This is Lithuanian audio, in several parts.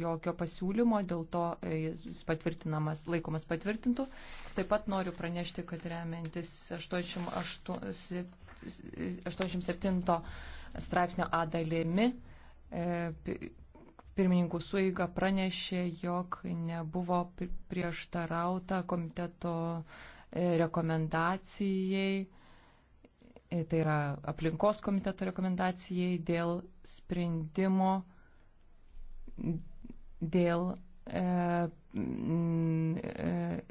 jokio pasiūlymo, dėl to e, jis patvirtinamas, laikomas patvirtintų. Taip pat noriu pranešti, kad remiantis 88, 87 straipsnio A dalimi e, pirmininkų suiga pranešė, jog nebuvo prieštarauta komiteto e, rekomendacijai, tai yra aplinkos komiteto rekomendacijai dėl sprendimo dėl e, e,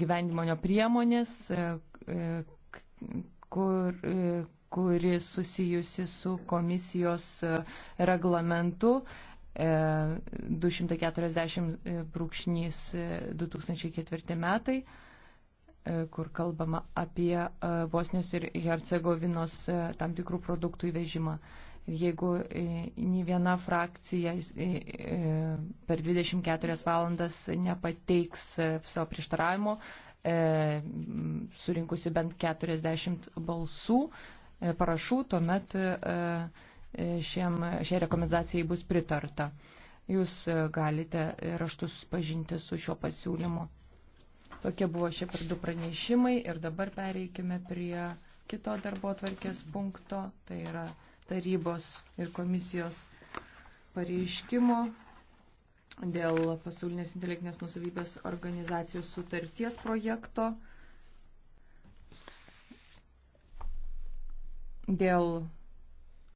gyvendimonio priemonės, e, kur, kuri susijusi su komisijos reglamentu 240 brūkšnys 2004 metai. E, kur kalbama apie e, Bosnios ir Hercegovinos e, tam tikrų produktų įvežimą. Jeigu nei viena frakcija per 24 valandas nepateiks savo prieštaravimo, surinkusi bent 40 balsų, parašų, tuomet šiem, šiai rekomendacijai bus pritarta. Jūs galite raštus pažinti su šiuo pasiūlymu. Tokie buvo šie per du pranešimai ir dabar pereikime prie kito darbo atvarkės punkto, tai yra tarybos ir komisijos pareiškimo dėl pasaulinės intelektinės nusavybės organizacijos sutarties projekto. Dėl